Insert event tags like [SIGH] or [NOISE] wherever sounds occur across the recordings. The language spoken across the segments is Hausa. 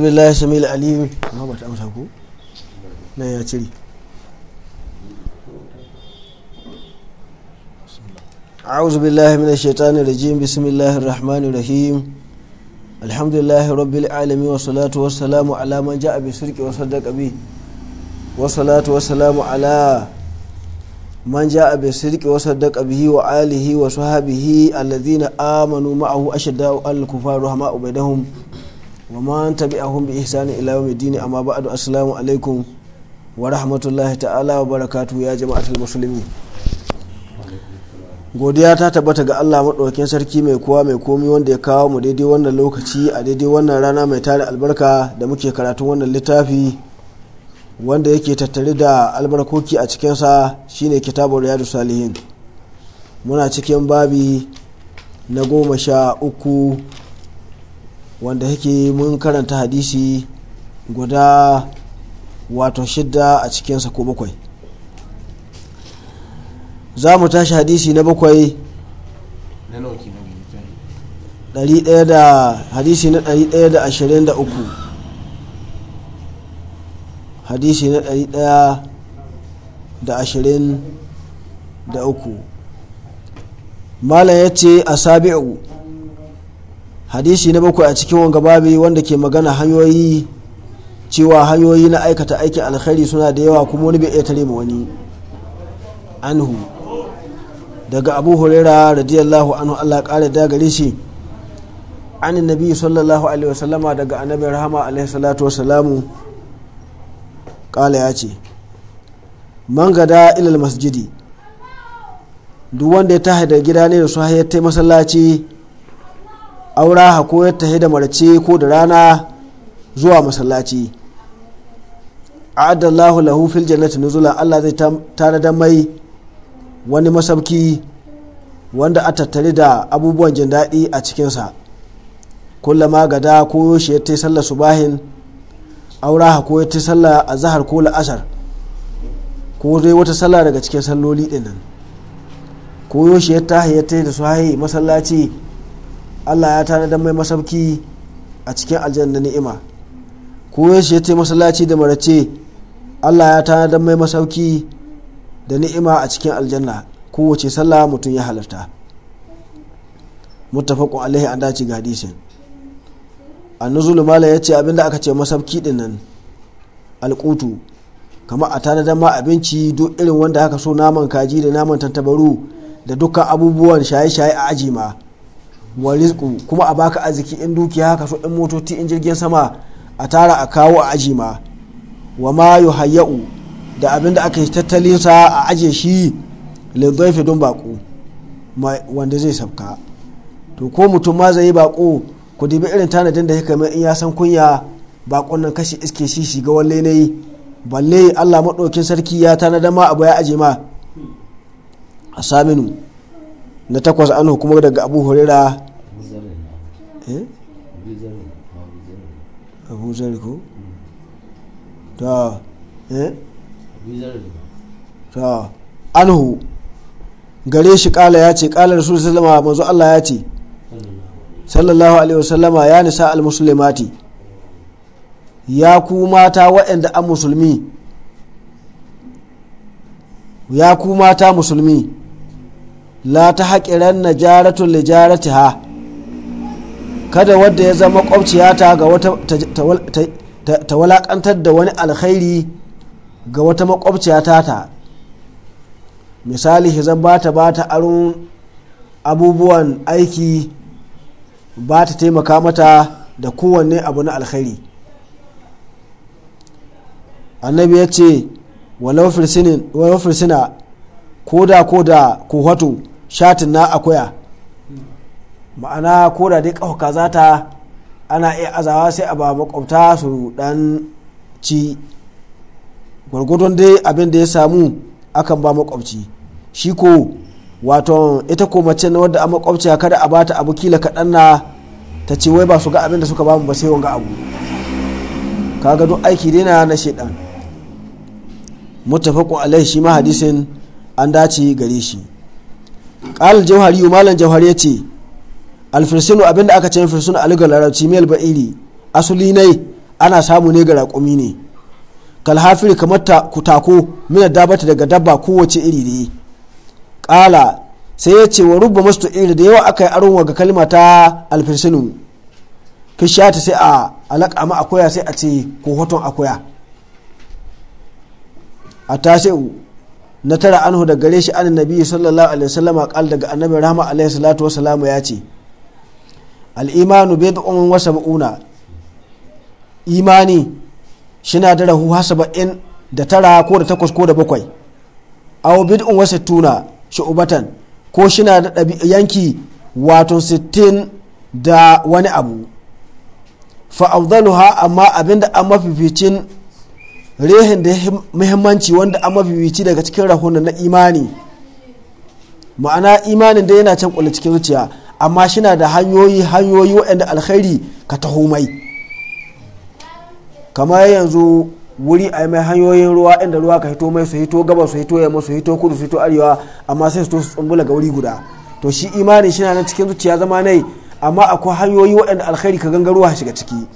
billahi samil na billahi minash shaitani rajim bismillahir rahmanir rahim alhamdulillahi rabbil alamin was salatu was salamu ala man ja'a bi sirqi wa salatu was salamu ala man ja'a bi sirqi wa wa alihi wa sahbihi alladhina amanu ma'ahu ashadda al kufaru hama ubaidahum wa man tabi'ahum bi ihsani ila yawmid din amma ba'du assalamu alaikum wa rahmatullahi ta'ala wa barakatu ya jama'atul muslimin godiya ta tabbata ga Allah maɗaukakin sarki mai kowa mai komi wanda ya kawo mu daidai wannan lokaci a daidai wannan rana mai tare albarka da muke karatun wannan littafi wanda yake tattare da albarkoki a cikinsa shine kitabun riyadu salihin muna cikin babi na goma sha uku wanda yake mun karanta hadisi guda wato shidda a cikinsa ko bakwai za mu tashi hadisi na bakwai hadisi na 123 hadisi na 123 malam ya ce a sabi'u hadisi na bakwai a cikin wanga babi wanda ke magana hanyoyi cewa hanyoyi na aikata aikin alkhairi suna da yawa kuma wani bai iya tare ma wani anhu daga abu huraira radiyallahu anhu allah kare da gare shi an nabi sallallahu alaihi wasallama daga annabi rahama alaihi salatu wasallamu kala ya ce man gada ilal masjidi duk wanda ya tahi da gida ne da su ya masallaci aura ko ya tahi da marace ko da rana zuwa masallaci a'adallahu lahu fil jannati nuzula Allah zai tare da mai wani masabki wanda a tattare da abubuwan jin daɗi a cikinsa kullama gada ko shi ya tafi sallar subahin aura ko ya sallah sallar azhar ko la'asar ko dai wata sallah daga cikin salloli dinnan ko yoshi ya tahi ya da su masallaci Allah ya tanadar mai masauki a cikin aljanna ni'ima ko ya ce masallaci da marace Allah ya tanadar mai masauki da ni'ima a cikin aljanna kowace sallah mutum ya halarta muttafaqun alaihi an dace ga hadisin ya ya ce abinda aka ce masauki din nan kamar kama a tanadar ma abinci duk irin wanda aka so naman kaji da naman tantabaru da dukkan abubuwan shaye-shaye a ajima wa kuma a baka arziki in dukiya kaso so in motoci in jirgin sama a tara a kawo a aji ma wa ma yuhayyau da abin da aka yi tattalin sa a aje shi lidhaifi don bako wanda zai sabka to ko mutum ma zai yi bako ku dibi irin tanadin da yake mai in ya san kunya bakon nan kashi iske shi shiga walle ne balle Allah maɗokin sarki ya tanada ma abu ya aje ma a saminu na takwas an kuma daga abu hurira eh? abu zari ko ta eh? ta anhu gare shi kala ya ce kala rasul sallama manzo Allah ya ce sallallahu alaihi wasallama ya nisa almuslimati ya ku mata waɗanda an musulmi ya ku mata musulmi la ta haƙiran na jaratun jarati ha kada wadda ya zama makwabciyata ga wata ta walaƙantar da wani alkhairi ga wata makwabciya ta misali hizan ba ta ba ta aron abubuwan aiki ba ta taimaka mata da kowanne abu na alkhairi annabi ya ce walau firsina ko da ko da shatin na akuya ma'ana ko da dai ƙahuka za ta ana iya azawa sai a ba makwabta su dan ci gwargwadon dai abin da ya samu akan ba makwabci shi ko wato ita ko mace na wadda a makwabci kada a bata abu kila kaɗan na ta ce wai ba su ga abin da suka bamu ba sai wanga abu kaga duk aiki dai na na shedan muttafaqun alai shi ma hadisin an dace gare shi qal jawhari malam ya ce alfirsinu abinda aka ce firsinu aliga larabci mil ba'iri asuli ne ana samu ne ga raƙumi ne kalhafiri kamar ta kutako mina dabata daga dabba kowace iri ne ƙala sai ya ce wa rubba masu iri da yawa aka yi aron ga kalma ta alfirsinu fishata sai a alaƙa ma akoya sai a ce ko hoton akoya a tasiru na tara anhu da gare shi an nabi sallallahu alaihi wasallama kal daga annabi rahma alaihi salatu wasalamu ya ce al-imanu bid'un wa sab'una imani shina da rahu ha saba'in da tara ko da takwas ko da bakwai aw bid'un wa sittuna shu'batan ko shina da yanki wato sittin da wani abu fa afdaluha amma abinda an mafificin rehin da muhimmanci wanda an mafifici daga cikin rahunan na imani ma'ana imanin da yana can kula cikin zuciya amma shina da hanyoyi hanyoyi waɗanda alkhairi ka taho mai kamar yanzu wuri a mai hanyoyin ruwa inda ruwa ka hito mai su hito gaba su hito yamma su hito kudu su hito arewa amma sai su su tsumbula ga wuri guda to shi imani na nan cikin zuciya zama nai amma akwai hanyoyi waɗanda alkhairi ka gangaruwa shiga ciki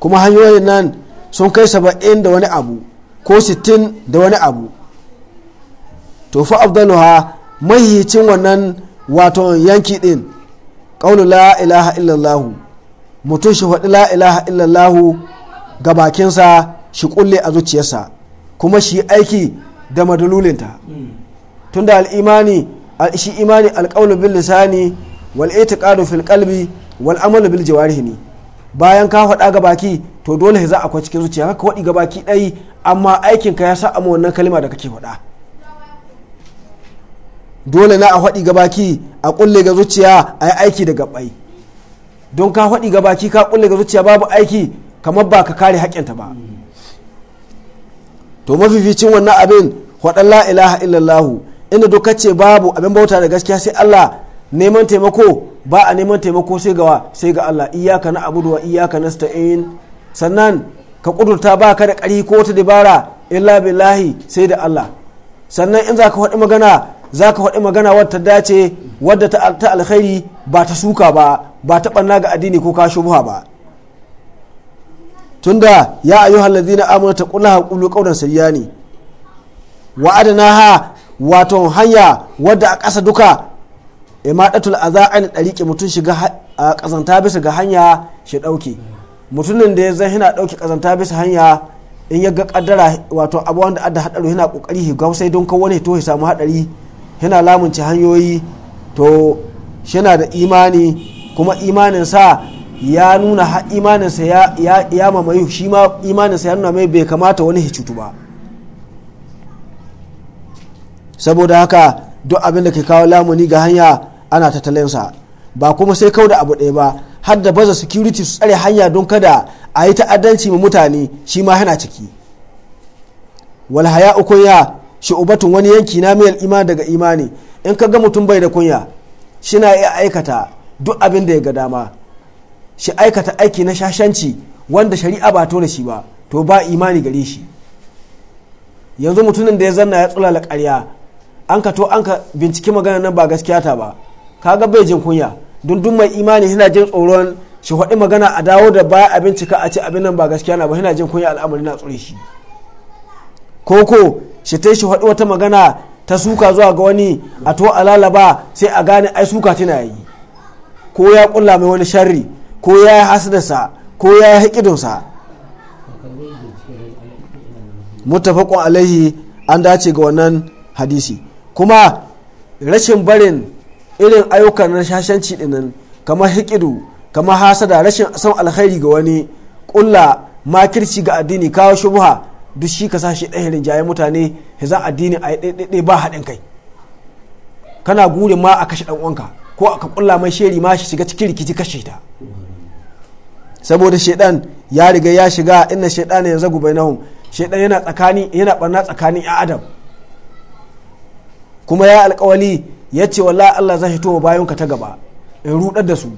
kuma hanyoyin nan sun kai saba'in da wani abu ko sittin da wani abu to fa ha mahihicin wannan wato yanki din ƙaunar la ilaha illallahu mutum shi faɗi la ilaha illallahu ga bakinsa shi ƙulle a zuciyarsa kuma shi aiki da madalulinta tunda al'imani shi imani alƙaunu bil lisani wal itiqadu fil qalbi wal amalu bil jawarihi ne bayan ka faɗa ga baki to dole za akwai cikin zuciya haka waɗi gabaki ɗai amma ka ya sa amma wannan kalima da kake faɗa dole na a faɗi gabaki a ƙulle ga zuciya a yi aiki da gabai don ka faɗi gabaki ka ƙulle ga zuciya babu aiki kamar ba ka kare haƙƙinta ba to mafificin wannan abin faɗan la ilaha illallahu inda duk ce babu abin bauta da gaskiya sai Allah neman taimako ba a neman taimako sai ga sai ga Allah iyaka na abudu wa na nasta'in sannan ka kudurta ba ka da ƙari ko wata dabara illa billahi sai da Allah sannan in za ka faɗi magana za ka faɗi magana wadda dace wadda ta alkhairi ba ta suka ba ba ta ɓanna ga addini ko ka shubuha ba tunda ya ayyuhal ladina amanu taqullaha qulu ne sayyani na ha wato hanya wadda a ƙasa duka a za a ɗariƙe mutum shiga a ƙazanta bisa ga hanya shi ɗauke mutumin da ya zai yana ɗauki ƙazanta bisa hanya in ya ga kaddara wato abubuwan da adda haɗari yana ƙoƙari higa sai don kawo wani to ya samu haɗari yana lamunci hanyoyi to yana da imani kuma imaninsa ya nuna imaninsa ya, ya, ya mamaye shi ma imaninsa ya nuna mai bai kamata wani cutu ba saboda haka duk abin da ke kawo lamuni ga hanya ana tattalinsa ba kuma sai kau da abu ɗaya ba har da baza security su tsare hanya don kada a yi ta'addanci ma mutane shi ma yana ciki wal haya ya shu'batun wani yanki na mai iman daga imani in ka ga mutum bai da kunya shi na iya aikata duk abin da ya ga dama shi aikata aiki na shashanci wanda shari'a ba tona da shi ba to ba imani gare shi yanzu mutumin da ya zanna ya tsulala karya an ka to an ka binciki magana nan ba gaskiya ta ba kaga bai jin kunya dundun mai imani yana jin tsoron shi haɗi magana a dawo da baya a bincika a ce abin nan ba gaskiya na ba yana jin kunya al'amari na tsure shi ko shi ta shi haɗi wata magana ta suka zuwa ga wani a to alalaba sai a gane ai suka tana yi ko ya kulla mai wani sharri ko ya yi hasadarsa ko ya yi haƙidonsa mutafakon alaihi an dace ga wannan hadisi kuma rashin barin irin ayyukan na shashanci dinnan kamar hikidu kamar hasada rashin son alkhairi ga wani kulla makirci ga addini kawo shubha duk shi ka sashi ɗaya rinjaye mutane za addini a ɗaiɗaiɗai ba haɗin kai kana gure ma a kashe uwanka ko aka kulla mai sheri ma shi shiga cikin rikici kashe ta saboda shaidan ya riga ya shiga inna shaidan ya zagu bainahum shaidan yana tsakani yana barna tsakanin ya adam kuma ya alkawali ya ce wallahi Allah zai hito bayan ka ta gaba in rudar da su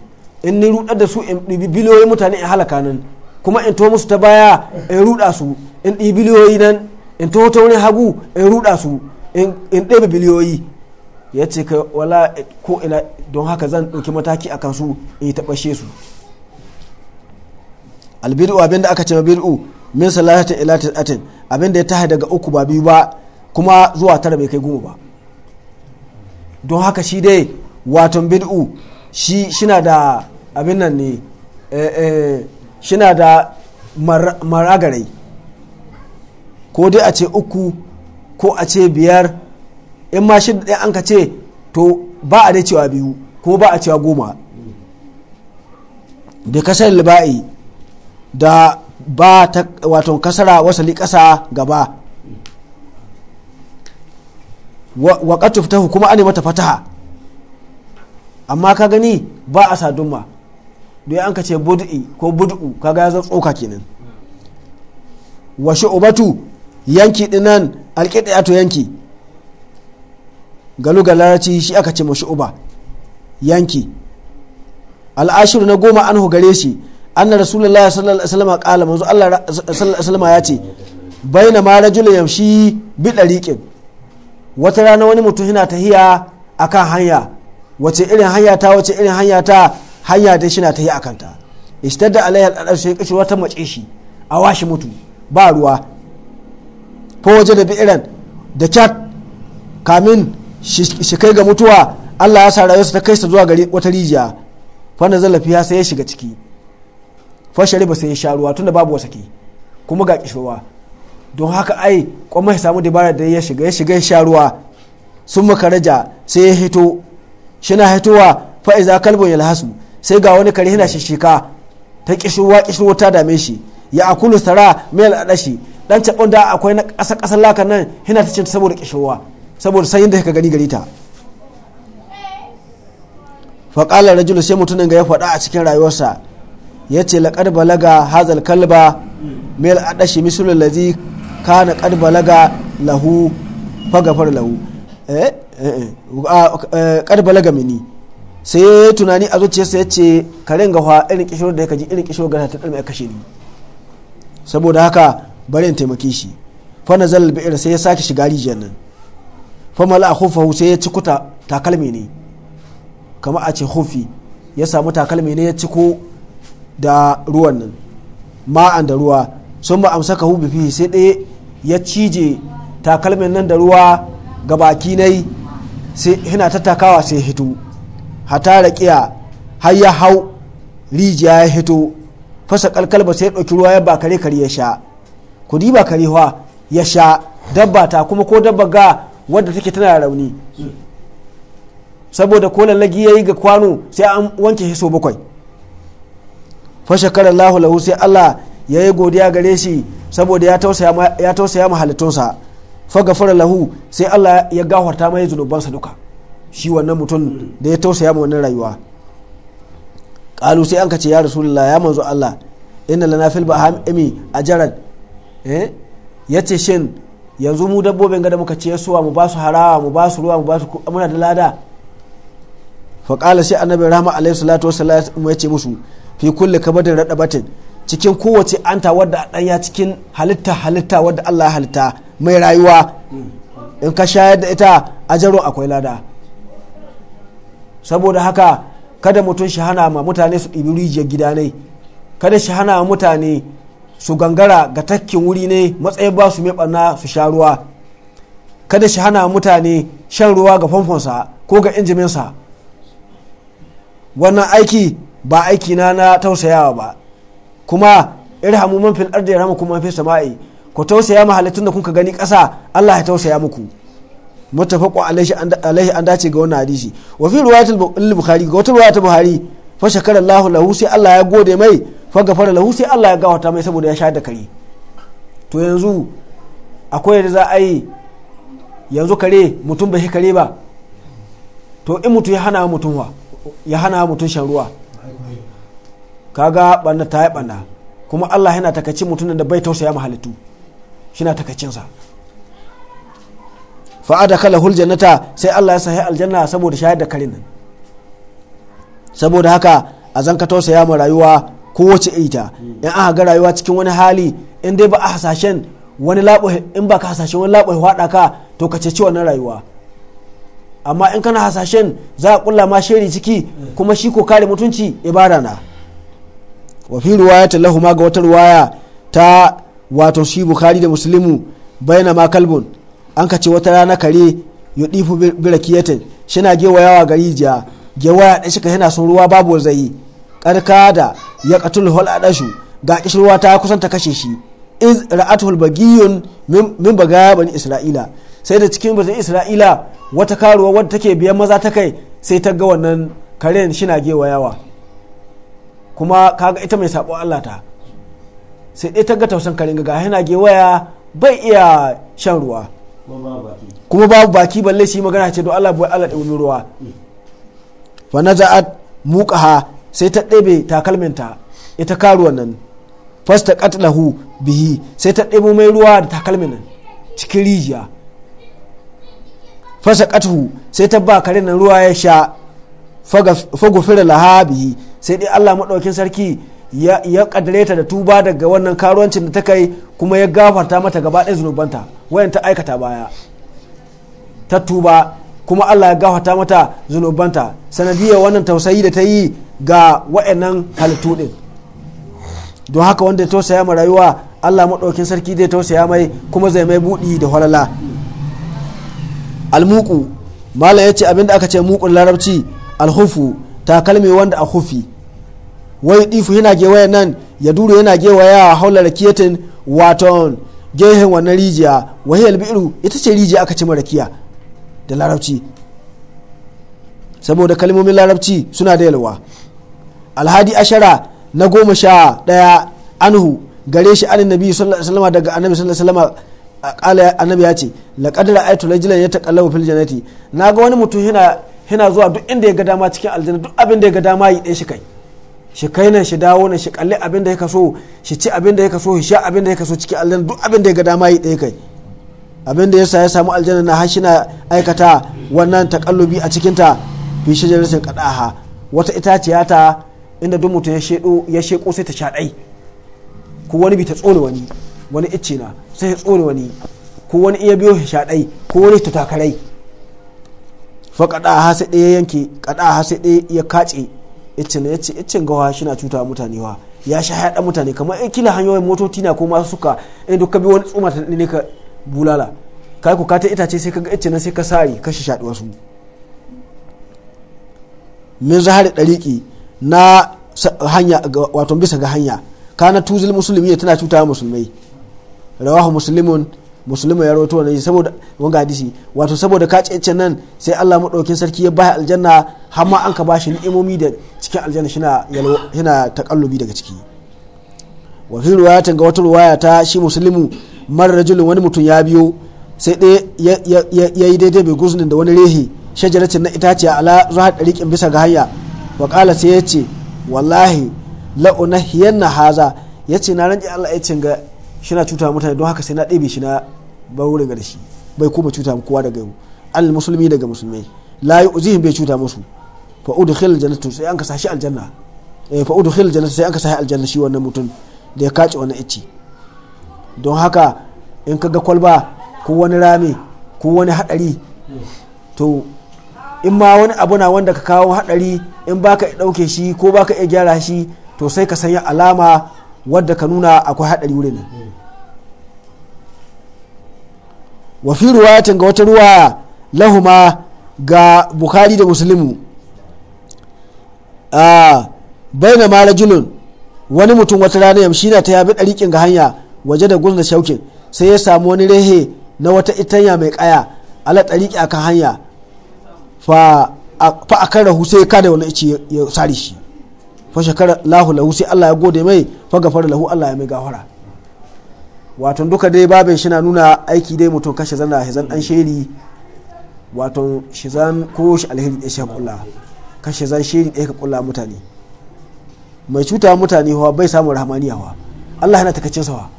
in ni rudar da su in ɗibi biliyoyin mutane in halaka nan kuma in to musu ta baya in ruda su in ɗibi biliyoyi nan in to ta hagu in ruda su in ɗebe biliyoyi ya ce ka wala eh, ko ina don haka zan ɗauki mataki akan su in taɓashe su albidu abin da aka ce bid'u min salatin ila atin abin da ya tahi daga uku ba biyu ba kuma zuwa tara bai kai goma ba don haka shi dai waton bid'u shi shina da abin nan ne eh, eh, shina da maragarai ko dai a ce uku ko a ce biyar in ma shi ɗaya an ka ce to ba a dai cewa biyu ko ba a cewa goma da kasar liba'i da ba ta wato kasara wasali ƙasa gaba wa qatuftahu kuma ne mata fataha amma ka gani ba a sadumma ya an ka ce budu'i ko bud'u kaga ya zan tsoka kenan wa shu'batu yanki dinan to yanki galu galarci shi aka ce ma shu'ba yanki al'ashir na goma an gare shi anna rasulullahi sallallahu alaihi wasallam qala manzo Allah sallallahu alaihi wasallam ya ce baina ma rajulun yamshi bi dariqin wata rana wani mutum yana tahiya akan hanya wace irin hanya ta wace irin hanya ta hanya dai shi na tahiya kanta ishtar da alayyar al'adar shi kashi wata mace shi a washe mutu ba ruwa ko waje da bi'iran da cat kamin shi kai ga mutuwa Allah ya sa rayuwarsa ta kai sa zuwa gari wata rijiya fanda zallafi ya sai ya shiga ciki fashari ba sai ya sha ruwa tunda babu ke kuma ga kishirwa don haka ai kwamma ya samu dabara da ya shiga ya shiga ya sha ruwa sun raja sai ya hito shina hitowa fa'iza kalbun ya lahasu sai ga wani kare yana shishika ta kishirwa kishirwa ta dame shi ya akulu sara mil al'adashi dan cakon da akwai na ƙasa ƙasar lakan nan yana ta cinta saboda kishirwa saboda sanyin da ka gani gari ta faƙalar rajulu sai mutumin ga ya faɗa a cikin rayuwarsa ya ce laƙar balaga hazal kalba mil al'adashi misulun lazi kana kad balaga lahu fagafar lahu kad eh, eh, eh. ah, balaga mini sai tunani a zuciyarsa ya ce karen gawa irin kishiyar da ya kaji irin kishiyar gana ta dalma kashe ni saboda haka bari in taimake shi fa nazal bi'ir sai ya sake shiga rijiyar nan fa mala khufahu sai ya kuta takalmi ne kamar a ce hufi ya samu takalmi ne ya ko da ruwan nan ma'an da ruwa sun ba amsaka hu fi sai ɗaya ya cije takalmin nan da ruwa ga baki na sai hina ta takawa sai hito hata raƙiya har ya hau rijiya ya hito fasa ba sai ɗauki ruwa ya ba kare kare ya sha kudi ba kare ya sha dabba ta kuma ko dabba ga wadda take tana rauni saboda ko lallagi ya yi ga kwano sai an wanke hiso bakwai fashe karar lahu lahu sai allah ya yi godiya gare shi saboda ya tausaya ma halittunsa fagafara lahu sai Allah ya gafarta mai zunubansa duka shi wannan mutum da ya tausaya ma wannan rayuwa kalu sai an kace ya rasulullah ya manzo Allah inna lana fil bahami ajran eh yace shin yanzu mu dabbobin gada da muka ce suwa mu ba su harawa mu ba su ruwa mu ba su muna da lada fa qala sai annabi rahma alaihi salatu wassalam ya ce musu fi kulli kabadin radabatin cikin kowace anta wadda ya cikin halitta halitta wadda Allah ya halitta mai rayuwa in ka shayar da ita a ajaru akwai lada saboda haka kada mutum shi hana ma mutane su ɗibi rijiyar gida ne kada shi hana mutane su gangara ga takkin wuri ne matsayin ba su mai su sha ruwa kada shi hana mutane shan ruwa ga famfonsa ko ga injiminsa wannan aiki ba aiki na na tausayawa ba kuma irhamu man fil ardi yarhamu man fi sama'i ku tausaya ma halittun da kuka gani ƙasa Allah ya tausaya muku muttafaqu alaihi an dace ga wannan hadisi wa fi riwayatul bukhari ga wata riwayatul bukhari fa shakara Allah lahu sai Allah ya gode mai fa gafara lahu sai Allah ya gafarta mai saboda ya sha da kare to yanzu akwai da za a yi yanzu kare mutum bai kare ba to in mutum ya hana mutum wa ya hana mutum shan ruwa kaga ɓanna ta yi ɓanna kuma Allah yana takaici mutumin da bai tausaya ma halittu takacinsa fa'a da kala hul jannata sai Allah ya sahi aljanna saboda shayar da karin nan saboda haka a zan ka tausaya ma rayuwa kowace ita in aka ga rayuwa cikin wani hali in dai ba a hasashen wani labo in ba ka hasashen wani labo ya ka to ka ceci wannan rayuwa amma in kana hasashen za a kulla ma shiri ciki kuma shi ko kare mutunci ibada na wa fi riwayata lahuma ga wata ruwaya ta wato shi bukhari da muslimu bayana ma kalbun an ka ce wata rana kare ya yudifu birakiyatin shina gewayawa gari jiya gewaya da shi ka yana son ruwa babu zai karka da ya a hul adashu ga ruwa ta kusan ta kashe shi iz ra'atul bagiyun min baga bani isra'ila sai da cikin bazin isra'ila wata karuwa wadda take biyan maza ta kai sai ta ga wannan karen shina gewayawa kuma kaga ita mai sabo Allah ta sai dai ta ga tausan karin ga yana gewaya bai iya shan ruwa kuma babu baki balle shi magana ce don Allah bai Allah da ruwa fa naza'at muqaha sai ta ɗebe takalminta ita karuwan nan fasta qatlahu bihi sai ta ɗebo mai ruwa da takalmin nan cikin rijiya fasa qatuhu sai ta ba karen nan ruwa ya sha fagufira laha bihi sai dai Allah maɗaukin sarki ya ƙadare ta da tuba daga wannan karuwancin da ta kai kuma ya gafarta mata gaba ɗaya zunubanta wayan ta aikata baya ta tuba kuma Allah ya gafarta mata zunubanta sanadiyar wannan tausayi da ta yi ga wayannan halittu ɗin don haka wanda ya tausaya ma rayuwa Allah maɗaukin sarki zai tausaya mai kuma zai mai buɗi da halala almuku malam ya ce abinda aka ce mukun larabci alhufu takalmi wanda a hufi wai ɗifu yana gewaya nan ya duro yana gewaya haula ketin waton gehen wannan rijiya wahi albiru ita ce rijiya aka ci marakiya da larabci saboda kalmomin larabci suna da yalwa alhadi ashara na goma sha daya anhu gare shi an nabi sallallahu daga annabi sallallahu alaihi annabi ya ce laqad ra'aytu rajulan yataqallabu fil jannati naga wani mutum yana zuwa duk inda ya ga dama cikin aljanna duk abinda da ya ga dama yi ɗaya shi kai shi kai nan shi dawo nan shi kalli abin da ya kaso shi ci abin da ya kaso shi sha abin da ya kaso cikin aljanna duk abin da ya ga dama yi ɗaya kai abin da yasa ya samu aljanna na har na aikata wannan takallubi a cikin ta fi shajaratin kadaha wata itaciya ta inda duk mutum ya shedo ya sheko sai ta sha dai ko wani bi ta tsone wani wani icce na sai ya tsone wani ko wani iya biyo sha dai ko wani ta takarai fa kadaha sai ɗaya yanke kadaha sai ɗaya ya kace ice ne yace gawa shi na cuta mutane wa ya sha haɗa mutane kamar kila hanyoyin motoci na kuma suka in duk ka bi wani tsuma ta ne ka bulala kai yi kuka ta itace sai ka ga ice na sai ka sari ka shi shaɗi wasu min zahari ɗariƙi na hanya wato bisa ga hanya kana tuzil musulmi tana cuta musulmai rawahu muslimun musulma ya rawaito wannan saboda wanga hadisi wato saboda ka ce nan sai Allah madaukin sarki ya bai aljanna har ma an ka bashi ni'imomi da cikin aljanna shina yana takallubi daga ciki wa fi riwayatin ga wata riwaya ta shi musulmu mar rajulun wani mutum ya biyo sai dai ya yi daidai bai guznin da wani rehe shajaratin na itaciya ala zuwa ɗariƙin bisa ga hanya wa ƙala sai ya ce wallahi la'una na haza ya ce na ranji Allah ya ga shi na cuta mutane don haka sai na ɗebe shi na baro ga da shi bai kuma cuta kowa daga yau al musulmi daga musulmai la yu'zihim bai cuta musu fa udkhil jannatu sai an ka sashi aljanna eh fa udkhil jannatu sai an ka sashi aljanna shi wannan mutum da ya kace wannan icci don haka in ka ga kwalba ko wani rami ko wani hadari to in ma wani abu na wanda ka kawo hadari in baka dauke shi ko baka iya gyara shi to sai ka sanya alama wadda ka nuna akwai haɗari wurin wa fi ruwayatin ga wata ruwa lahuma ga bukari da musulmi a na ma rajulun wani mutum wata rana yamshi na ta yabi ɗariƙin ga hanya waje da gusna shaukin sai ya samu wani rehe na wata itanya mai ƙaya ala ɗariƙi akan hanya fa a kan rahu sai ya kada wani ice ya sare shi fa shakara lahu lahu sai Allah ya gode mai fa gafara lahu Allah ya mai gafara wato duka dai babin shi na nuna aiki dai mutum kashe zana hizan dan sheri wato shi zan ko shi alheri ɗaya shi kula kashe zan sheri ɗaya ka kula mutane mai cuta mutane hawa bai samun rahmaniya hawa Allah yana takacin sawa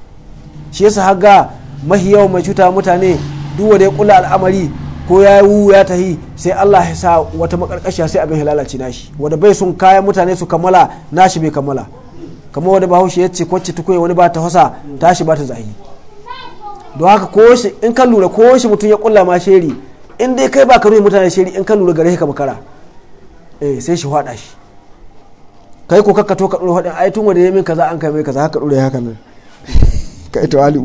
shi yasa haga mahi yawan mai cuta mutane duk wanda ya al'amari ko ya wu ya tahi sai Allah ya sa wata makarkashiya sai abin lalace nashi wanda bai sun kayan mutane su kammala nashi bai kammala kamar wanda bahaushe ya ce kwacce tukuye wani ba ta hasa tashi ba ta zahi don haka ko shi in kan lura ko shi mutum ya kulla ma sheri in dai kai ba ka ruwa mutane sheri in kan lura gare ka makara eh sai shi hwada shi kai ko kakkato to ka dora hwada ai tun wanda ya min kaza an kai mai kaza haka dora haka nan [LAUGHS] kai to alu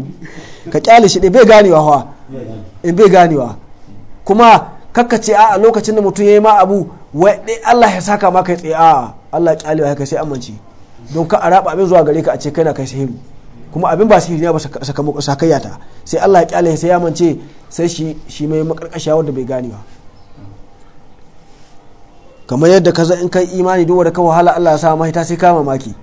ka kyale shi dai bai ganewa fa in bai ganewa kuma kakka ce a lokacin da mutum ya yi ma abu wai Allah ya saka ma kai tsaye a Allah kyalewa ya kai sai amince don ka araba abin zuwa gare ka a ce kai na kai sahiru kuma abin ba sihiri ne ba sakayya ta sai Allah ya kyale sai ya amince sai shi shi mai makarkashiya wanda bai gane ba kamar yadda ka in kai imani duk wanda ka wahala Allah ya sa mahita sai ka mamaki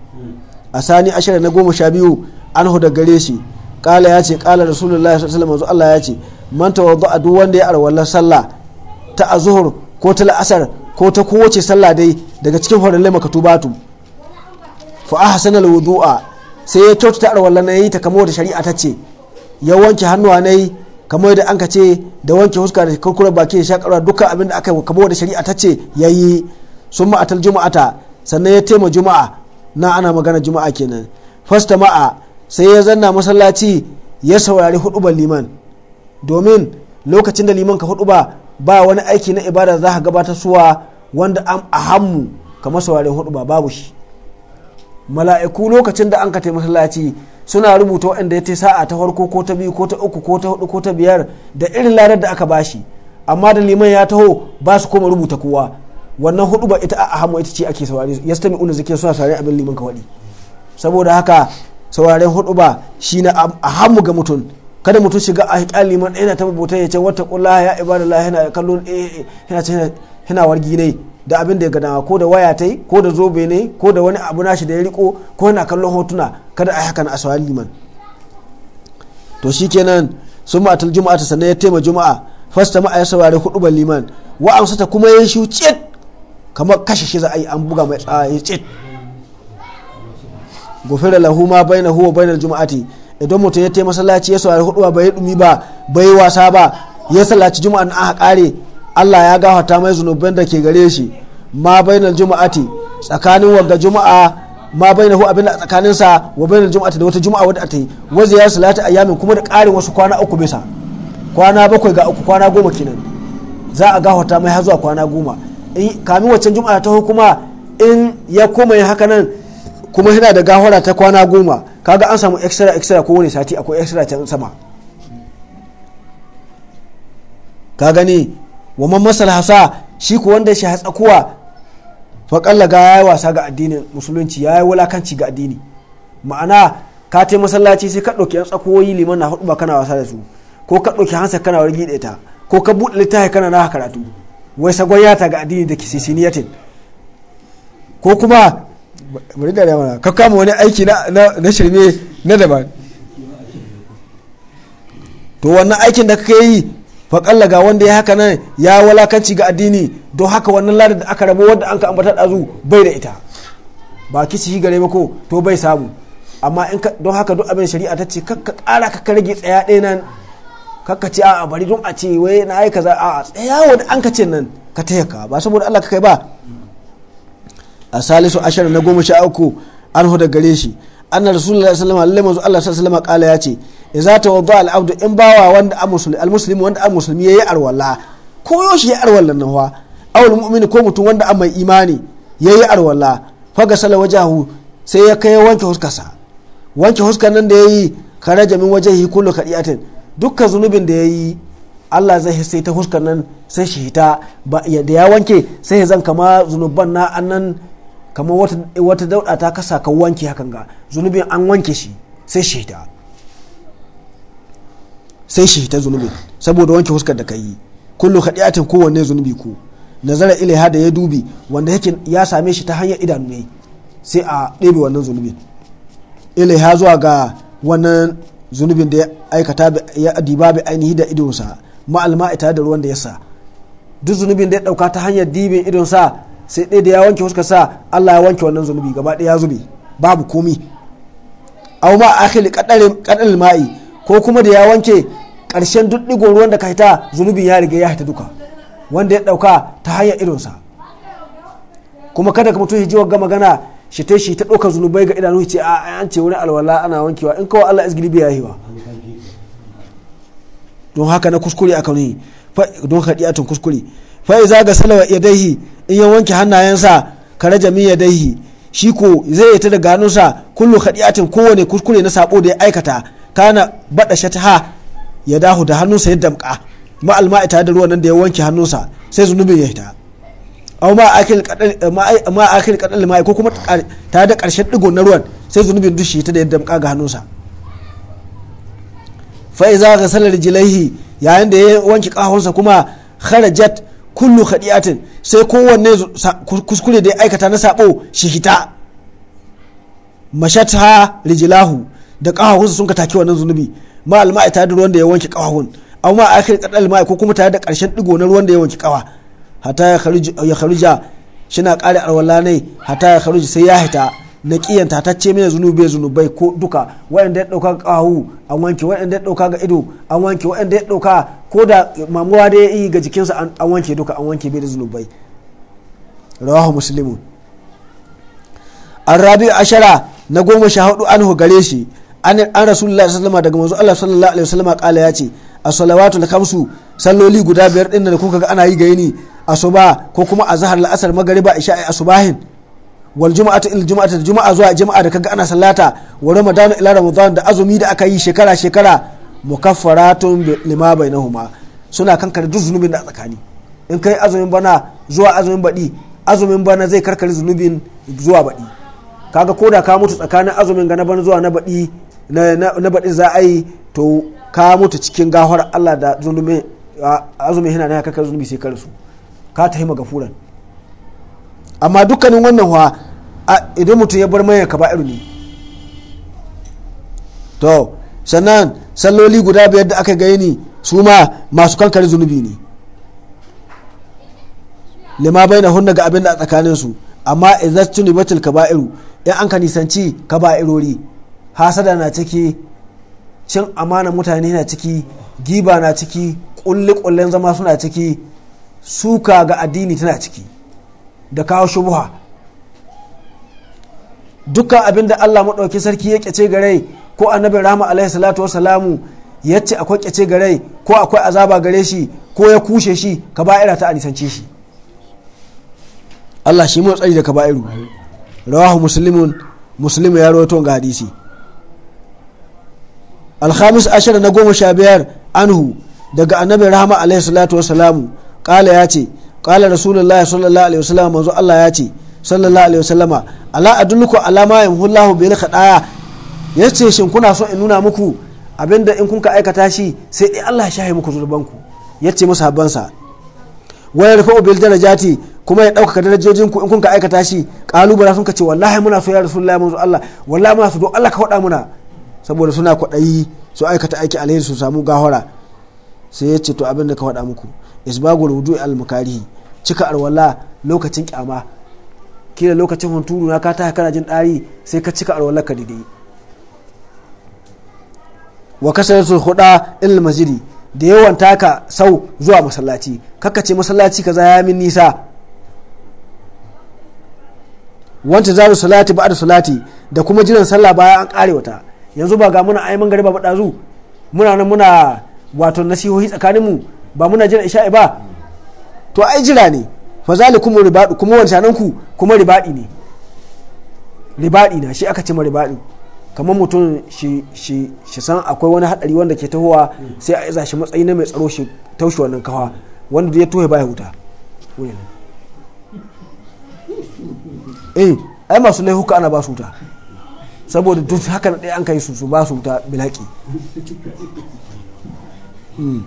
a sani ashirin na goma sha biyu an hu da gare shi kala ya ce kala rasulullahi sallallahu alaihi wasallam Allah ya ce man tawadda duk wanda ya arwala sallah ta azhur ko ta la'asar ko ta kowace sallah dai daga cikin farallai makatubatu fa ahsana wudu'a sai ya ta arwala na yi ta kamar da shari'a ta ce ya wanke hannuwa na yi kamar da an ce da wanke huska da kurkurar baki da shakarwa dukkan abin da aka yi kamar da shari'a ta ce ya yi sun ma'atal juma'ata sannan ya taima juma'a na ana magana juma'a kenan fasta ma'a sai ya zanna masallaci ya saurari hudubar liman domin lokacin da liman ka hudu ba ba wani aiki na ibada za ka gabata suwa wanda an ahammu kamar sauraren hudu ba babu shi mala'iku lokacin da an ka masallaci suna rubuta waɗanda ya ta sa'a ta farko ko ta biyu ko ta uku ko ta hudu ko ta biyar da irin ladar da aka bashi amma da liman ya taho ba su koma rubuta kowa wannan hudu ba ita a ita ce ake saurare ya sami una zake suna saurari abin liman ka waɗi saboda haka sauraren hudu ba shi na a hamu ga mutum kada mutum shiga a liman man yana ta bubuta ya ce wata kula ya ibadallah yana kallon eh, eh, yana yana wargi ne da abin da ya gada ko da waya ta yi ko da zobe ne ko da wani abu nashi da ya riko ko yana kallon hotuna kada a hakan a sawali liman to shikenan sun matal juma'a ta sannan ya taima juma'a fasta ma'a ya saurari hudu ban liman wa ta kuma ya shi cit kamar kashe shi za a yi an buga mai tsaye. cit gufira lahu ma na huwa juma'a juma'ati idan mutum ya taimaka masallaci ya saurari hudu bai yi dumi ba bai yi wasa ba ya sallaci juma'a na aka kare Allah ya gafarta mai zunuban da ke gare shi ma bainal juma'ati tsakanin wanda juma'a ma bainahu abin da tsakanin sa wa bainal juma'ati da wata juma'a wadda ta yi waje ya salati ayyamin kuma da karin wasu kwana uku bisa kwana bakwai ga uku kwana goma kenan za a gafarta mai har zuwa kwana goma kamin waccan juma'a ta hukuma in ya koma yin haka nan kuma yana da gafara ta kwana goma kaga an samu extra extra ko wani sati akwai extra can sama ka gani wa man masal hasa shi ko wanda shi tsakuwa. fa kalla ga yayi wasa ga addinin musulunci yayi wulakanci ga addini ma'ana ka tai masallaci sai ka dauki yan tsakoyi liman na hudu ba kana wasa da su ko ka dauki hansa kana wargi da ita ko ka buɗe littafi kana na karatu wai sagon ga addini da kisisiniyatin ko kuma bari ka kama wani aiki na shirme na daban to wannan aikin da kake yi faƙalla ga wanda ya haka nan ya walakanci ga addini don haka wannan ladar da aka rabu wadda an ka ambata ɗazu bai da ita ba ki shi gare ko to bai samu amma in don haka duk abin shari'a ta ce kakka ƙara kakka rage tsaya ɗaya nan kakka ce a bari don a ce wai na aika za a tsaya wani an ka ce nan ka taya ka ba saboda Allah ka kai ba a salisu ashar na goma sha uku an da gare shi an anna rasulullahi sallallahu alaihi wasallam Allah sallallahu alaihi kala ya ce za ta wadda al'abdu in bawa wanda a musulmi al wanda a musulmi yayi arwala ko shi ya arwala nan wa awul mu'mini ko mutum wanda a mai imani yayi arwala faga sala wajahu sai ya kai wanke huskarsa wanke huskar nan da yayi karaja min wajhihi kullu kadiatin dukkan zunubin da ya yi Allah zai sai ta huskar nan sai shi hita da ya wanke sai ya zan kama zunuban na annan kamar wata dauɗa ta kasa ka wanke hakan ga zunubin an wanke shi sai shi ta sai shi zunubin saboda wanke huskar da ka yi kullu khadi'atin kowanne zunubi ko nazara ilaiha da ya dubi wanda yake ya same shi ta hanyar idanu ne sai a ɗebe wannan zunubin ilaiha zuwa ga wannan zunubin da ya aikata ya diba bi ainihi da idonsa ma'alma ita da ruwan da ya sa duk zunubin da ya ɗauka ta hanyar dibin idonsa sai ɗaya da ya wanke fuskar sa Allah ya wanke wannan zunubi gaba ɗaya zube babu komi aw ma akhil qadal ma'i ko kuma da ya wanke ƙarshen duk digon ruwan da ka hita zunubin ya riga ya hita duka wanda ya ɗauka ta hanyar idonsa kuma kada ka mutum ji ga magana shi ta shi ta ɗaukar zunubai ga idanu ce a an ce wani alwala ana wankewa in kawai Allah izgili ya yi wa don haka na kuskure aka ne don haɗiyatun kuskure fa iza ga salawa yadaihi in ya wanke hannayensa kare jami'a daihi shi ko zai ta daga hannunsa kullu khadi'atin kowane kuskure na sabo da ya aikata kana bada shataha ya dahu da hannunsa ya damka ma alma'i tare da ruwan nan da ya wanke hannunsa sai zunubin ya hita aw ma akil kadal ma akil kadal ma'i ko kuma tare da karshen digo na ruwan sai zunubin dushi ta da ya damka ga hannunsa fa iza ghasala rijlaihi yayin da ya wanke kahonsa kuma kharajat kullu khadi'atin sai kowanne kuskure da ya aikata na sabo shi hita mashata rijilahu da kahahunsa sun ka take wannan zunubi ma alma'i tare da ruwan da ya wanke kahahun amma a akhir kadal ma'i ko kuma tare da karshen digo na ruwan da ya wanke kawa hata ya kharija shina kare alwala ne hata ya kharija sai ya hita na kiyanta ta ce mina zunubai zunubai ko duka waɗanda ya ɗauka kahu an wanke waɗanda ya ɗauka ga ido an wanke waɗanda ya ɗauka ko da mamuwa da ya yi ga jikinsa an wanke duka an wanke bai da zunubai rawahu muslimun arabi ashara na goma sha hudu an gare shi an rasulullah sallallahu daga mazu Allah sallallahu alaihi wasallama kala ce a salawatu da kamsu salloli guda biyar din da kuka ga ana yi gaini ni asuba ko kuma zahar la'asar magariba magriba isha'i asubahin wal juma'atu il juma'atu juma'a zuwa juma'a da kaga ana sallata wa ramadanu ila ramadan da azumi da aka yi shekara shekara mukaffaratun lima bainahuma suna kankare duk zunubin da a tsakani in kai azumin bana zuwa azumin baɗi azumin bana zai karkare zunubin zuwa baɗi kaga ko da ka mutu tsakanin azumin ga na bana zuwa na baɗi na baɗi za a yi to ka mutu cikin gahar Allah da zunubin azumin hina na karkare zunubi sai ka rasu ka ta hima gafuran amma dukkanin wannan wa idan mutum ya bar mayan ka ba ne to sannan salloli guda biyar da aka gani su ma masu kankare zunubi ne lima bai na hunna ga abin da a tsakanin su amma izattu ni batil kaba'iru in an ka nisanci kaba'irori hasada na ciki cin amana mutane na ciki giba na ciki kulli kullen zama suna ciki suka ga addini tana ciki da kawo shubuha dukkan abin da Allah maɗauki sarki ya ƙyace ga rai ko annabin rahama alaihi salatu wasalamu ya ce akwai kyace gare ko akwai azaba gare shi ko ya kushe shi ka ba'ira ta anisance shi Allah shi mu tsari da ka ba'iru rawahu muslimun muslimu ya rawaito ga hadisi alhamis ashar na goma sha biyar anhu daga annabin rahama alaihi salatu wasalamu kala ya ce kala rasulullahi sallallahu alaihi wasallam manzo Allah ya ce sallallahu alaihi wasallama ala alama ala ma yamhullahu bil khadaya ya ce shin kuna so in nuna muku abinda in kun ka aikata shi sai dai Allah ya shahe muku zurbanku ya ce musu habbansa wani rufe da darajati kuma ya ɗaukaka darajojin ku in kun ka aikata shi kalubala sun ka ce wallahi muna so ya rasulullahi manzo Allah wallahi muna so don Allah ka faɗa muna saboda suna kwaɗayi su aikata aiki alheri su samu gahora sai ya ce to abinda ka faɗa muku isbagul wudu al cika arwala lokacin kyama kila lokacin hunturu na ka ta kana jin ɗari sai ka cika arwala ka daidai wa kasaratu huda ilal masjidi da yawan taka sau zuwa masallaci kaka ce masallaci kaza ya min nisa wancan zaru salati ba'da salati da kuma jiran sallah bayan an kare wata yanzu ba ga muna aiman gari ba muna nan muna wato nasihohi tsakanin mu ba muna jiran isha'i ba to ai jira ne fa zalikum ribadu kuma wancananku kuma ribadi ne ribadi na shi aka ce ma ribadi kamar mutum shi san akwai wani hadari wanda ke tahowa sai a iza shi matsayi na mai tsaro shi taushe wannan kawa wanda ya tohe baya huta eh ai masu laihuka ana ba wuta saboda duk haka na ɗaya an kai su su basu wuta bilaki hmm.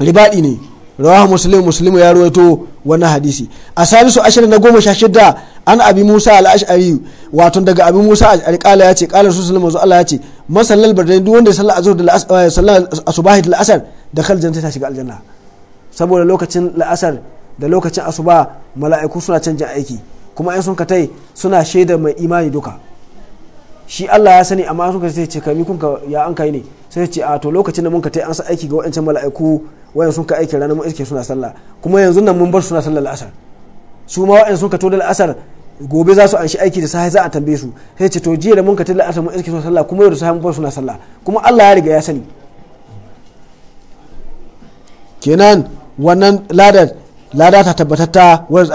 ribaɗi ne rawa muslim muslim ya ruwaito wannan hadisi a salisu ashirin na goma sha shida an abi musa al-ash'ari wato daga abi musa al-ash'ari kala ya ce kala Allah ya ce masallal bardani duk wanda ya salla azhur da eh, sallar asubahi da asar da kal janta ta shiga aljanna saboda lokacin la'asar da lokacin asuba mala'iku suna canja aiki kuma in sun katai suna shaida mai imani duka shi Allah ya sani amma suka ce ce kami kun ya an kai ne sai ce a to lokacin da mun ka tai an sa aiki ga wayancan mala'iku wayan sun ka aiki ranar mun iske suna sallah kuma yanzu nan mun bar suna sallah la'asar su ma wayan sun ka to da la'asar gobe za su an shi aiki da sahi za a tambaye su sai ce to jiya da mun ka tai la'asar mun iske suna sallah kuma yau da mun bar suna sallah kuma Allah ya riga ya sani kenan wannan ladar lada ta tabbatatta wa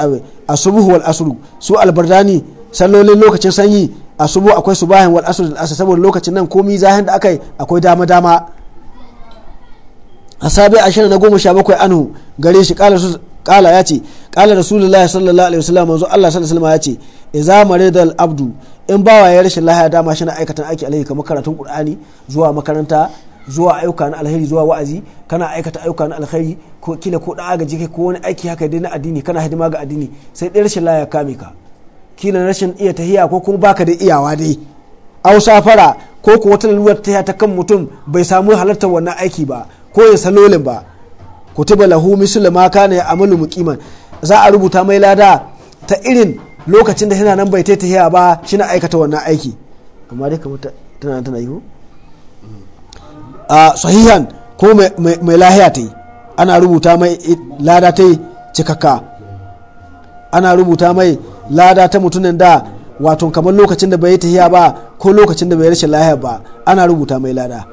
asubuhu wal asru su albardani sallolin lokacin sanyi asubu akwai subahin wal asr asr saboda lokacin nan komi zahin da akai akwai dama dama asabi ashirin na goma sha bakwai anhu gare shi kala kala ya ce kala rasulullahi sallallahu alaihi wasallam manzo Allah sallallahu alaihi wasallam ya ce idza maridal abdu in bawa ya rashin lahiya dama shi na aikatan aiki alheri kamar karatun qur'ani zuwa makaranta zuwa ayyuka na alheri zuwa wa'azi kana aikata ayyuka na alheri ko kila ko da agaji kai ko wani aiki haka dai na addini kana hidima ga addini sai dai rashin lahiya kame ka kila rashin iya tahiya ko kuma baka da iyawa dai aw safara ko kuma wata lalurar tahiya ta kan mutum bai samu halartar wannan aiki ba ko ya salolin ba kutiba lahu mislu ma kana ya amalu muqiman za a rubuta mai lada ta irin lokacin da yana nan bai ta tahiya ba shi na aikata wannan aiki amma dai kamar tana tana yi ko a sahihan ko mai lahiya ta yi ana rubuta mai lada ta yi cikakka ana rubuta mai lada ta mutumin da wato kamar lokacin da bai tahiya ba ko lokacin da bai rashin lahiya ba ana rubuta mai lada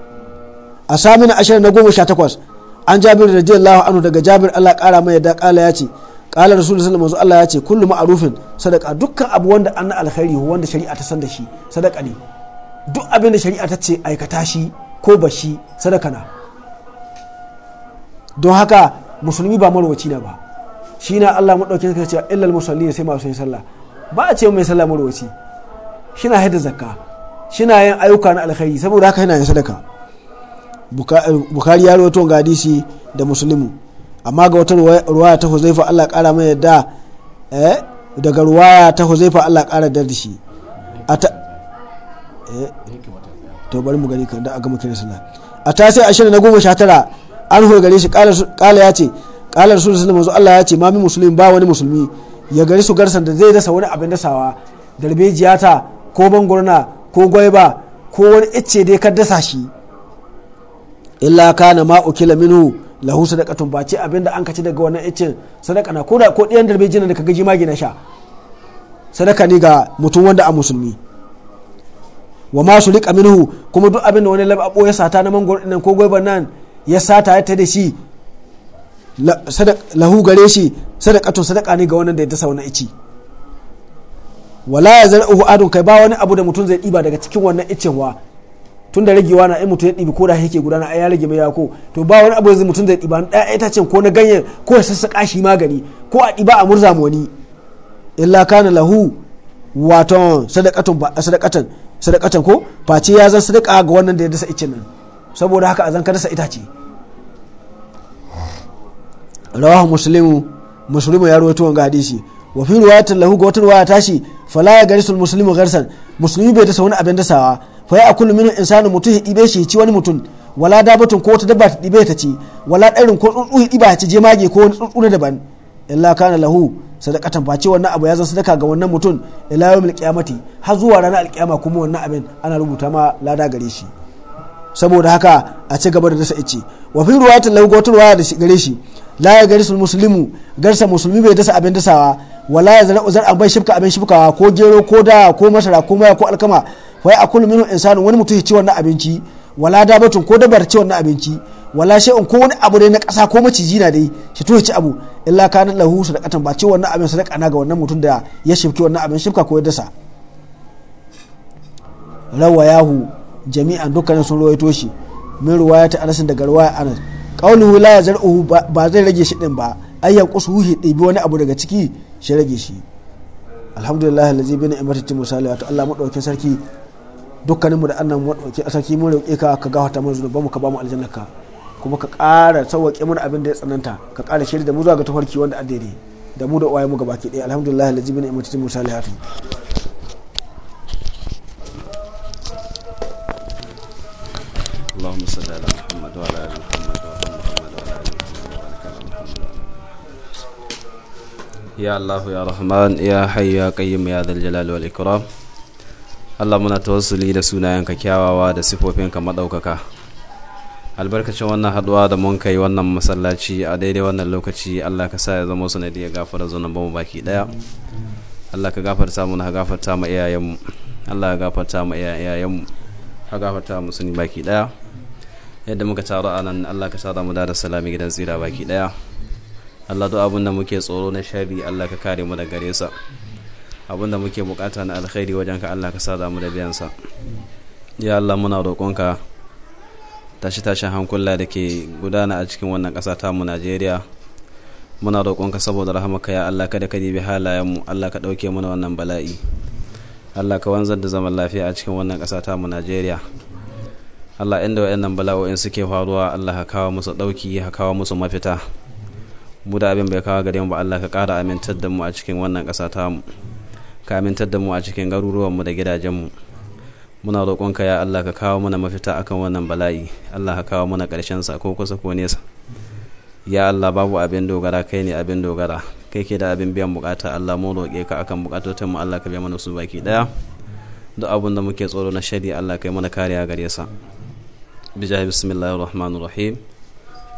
a samin ashirin na goma sha takwas an jabir da jiyar lahu anu daga jabir Allah kara mai yadda kala ya ce kala da sallallahu da Allah ya ce a rufin. sadaka dukkan abu wanda an na alkhairi wanda shari'a ta san da shi sadaka ne duk abin da shari'a ta ce aikata shi ko bashi sadaka na don haka musulmi ba marwaci na ba shi na Allah maɗaukin ka cewa illal musalli sai masu yin sallah ba a ce mai sallah marwaci shi na haida zakka shi na yin ayyuka na alkhairi saboda haka yana yin sadaka bukari ya rawaito ga hadisi da musulmi amma ga wata ruwaya ta huzaifa Allah ƙara mai yadda eh, daga ruwaya ta huzaifa Allah ƙara da shi eh, to bari mu gani kan da a gama sallah a sai ashirin na goma sha tara an hurgare shi kala ya ce qala rasulullahi sallallahu alaihi Allah ya ce ma min musulmi ba wani musulmi ya gari su garsan da zai dasa wani abin dasawa darbejiyata ta ko bangurna ko gwaiba ko wani icce dai ka dasa shi illa kana ma ukila minhu lahu sadaqatun ba ce abin da an kaci daga wannan iccen sadaka na ko ko ɗiyan darbejin da kaga jimagi na sha sadaka ne ga mutum wanda a musulmi wa ma su liƙa minhu kuma duk abin da wani lababo ya sata na mangwar ɗinan ko gwaiban nan ya sata ya ta da shi lahu gare shi sadakatun sadaka ne ga wannan da ya dasa wannan ici wala ya zara uhu adun kai ba wani abu da mutum zai ɗiba daga cikin wannan icen wa tun da ragewa na in mutum ya ɗibi ko da yake gudana ai ya rage mai yako to ba wani abu da mutum zai ɗiba na ɗaya ce ko na ganyen ko ya sassaƙa shi magani ko a ɗiba a murza wani illa kana lahu waton sadakatun sadakatan sadakatan ko face ya zan sadaka ga wannan da ya dasa icen nan saboda haka a zan ka dasa itace rawahu muslimu muslimu ya rawaito wanga hadisi wa fi riwayatin lahu ga wata tashi fala ya garisul muslimu garsan musulmi bai dasa wani abin dasawa fa ya akulu minhu insanu mutum ya ɗibe shi ci wani mutum wala dabatun ko wata dabba ta ɗibe ta ci wala ɗarin ko tsuntsu ya ɗiba ci mage ko wani tsuntsu na daban illa kana lahu sadaka ba ce wannan abu ya zan sadaka ga wannan mutum ila yawmil qiyamati har zuwa ranar alqiyama kuma wannan abin ana rubuta ma lada gare shi saboda haka a ci gaba da dasa ice wa fi ruwatin lahu gotar ruwa da gare shi la ya garisul muslimu garsa musulmi bai dasa abin dasawa wala ya zara uzar abin shifka abin shifkawa ko gero ko da ko masara ko maya ko alkama fa ya akulu minhu insanu wani mutum ya ci wannan abinci wala dabatun ko dabar ci wannan abinci wala shay'un ko wani abu dai na kasa ko maciji na dai shi to ci abu illa kana lahu sadaqatan ba ce wannan abin sadaqa na ga wannan mutum da ya shifki wannan abin shifka ko ya dasa rawayahu jami'an dukkanin sun ruwaito shi min ruwaya ta anas daga ruwaya anas qauluhu la yazruhu ba zai rage shi din ba ayyan qusuhi dibi wani abu daga ciki shi rage shi alhamdulillah allazi bi ni'mati timu salihatu Allah madaukakin sarki dukkaninmu da annan a sarki mun roƙe ka ka gafarta mana mu ka ba mu aljannaka kuma ka ƙara sauwaƙe mana abin da ya tsananta ka ƙara shirya da mu zuwa ga tafarki wanda addini da mu da uwaye uwayenmu gabaki ɗaya alhamdulillah allazi bi ni'mati timu salihatu ya Allah ya Rahman ya Hayyu ya Qayyim ya Dhal Jalali wal Ikram Allah muna tawassuli da sunayenka kyawawa da sifofinka madaukaka albarkacin wannan haduwa da mun kai wannan masallaci a daidai wannan lokaci Allah ka sa ya zama sanadi ya gafara zunan bamu baki daya Allah ka gafarta mu na gafarta mu iyayenmu Allah ka gafarta mu iyayenmu ka gafarta mu sun baki daya yadda muka taro anan, Allah ka sa mu da salami gidan tsira baki daya Allah duk abin da muke tsoro na shari Allah ka kare mu da gare sa abin da muke bukata na alkhairi wajen ka Allah ka sa mu da biyan sa ya Allah muna roƙonka tashi tashin hankula da ke gudana a cikin wannan ƙasa ta mu Najeriya muna roƙonka saboda rahamaka ya Allah kada ka dibi halayen mu Allah ka ɗauke mana wannan bala'i Allah ka wanzar da zaman lafiya a cikin wannan ƙasa ta mu Najeriya Allah inda wa'annan bala'o'in suke faruwa Allah ka kawo musu ɗauki ka kawo musu mafita mu da abin bai kawo gare mu ba Allah ka ƙara amintar da mu a cikin wannan ƙasa ta mu ka amintar da mu a cikin garuruwan mu da gidajen mu muna roƙonka ya Allah ka kawo mana mafita akan wannan bala'i Allah ka kawo mana ƙarshen sa ko kusa ko nesa ya Allah babu abin dogara kai ne abin dogara kai ke da abin biyan bukata Allah mu roƙe ka akan bukatotin mu Allah ka biya mana su baki daya duk abin da muke tsoro na shari Allah kai mana kariya gare sa bijah bismillahir rahmanir rahim